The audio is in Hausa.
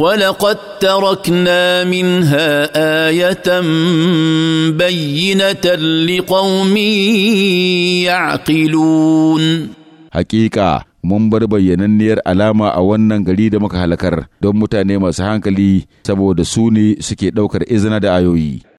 ولقد تركنا منها ايه بينه لقوم يعقلون حقيقه mun bar bayyananniyar alama a wannan gari da muka halakar don mutane masu hankali saboda su ne suke ɗaukar izina da ayoyi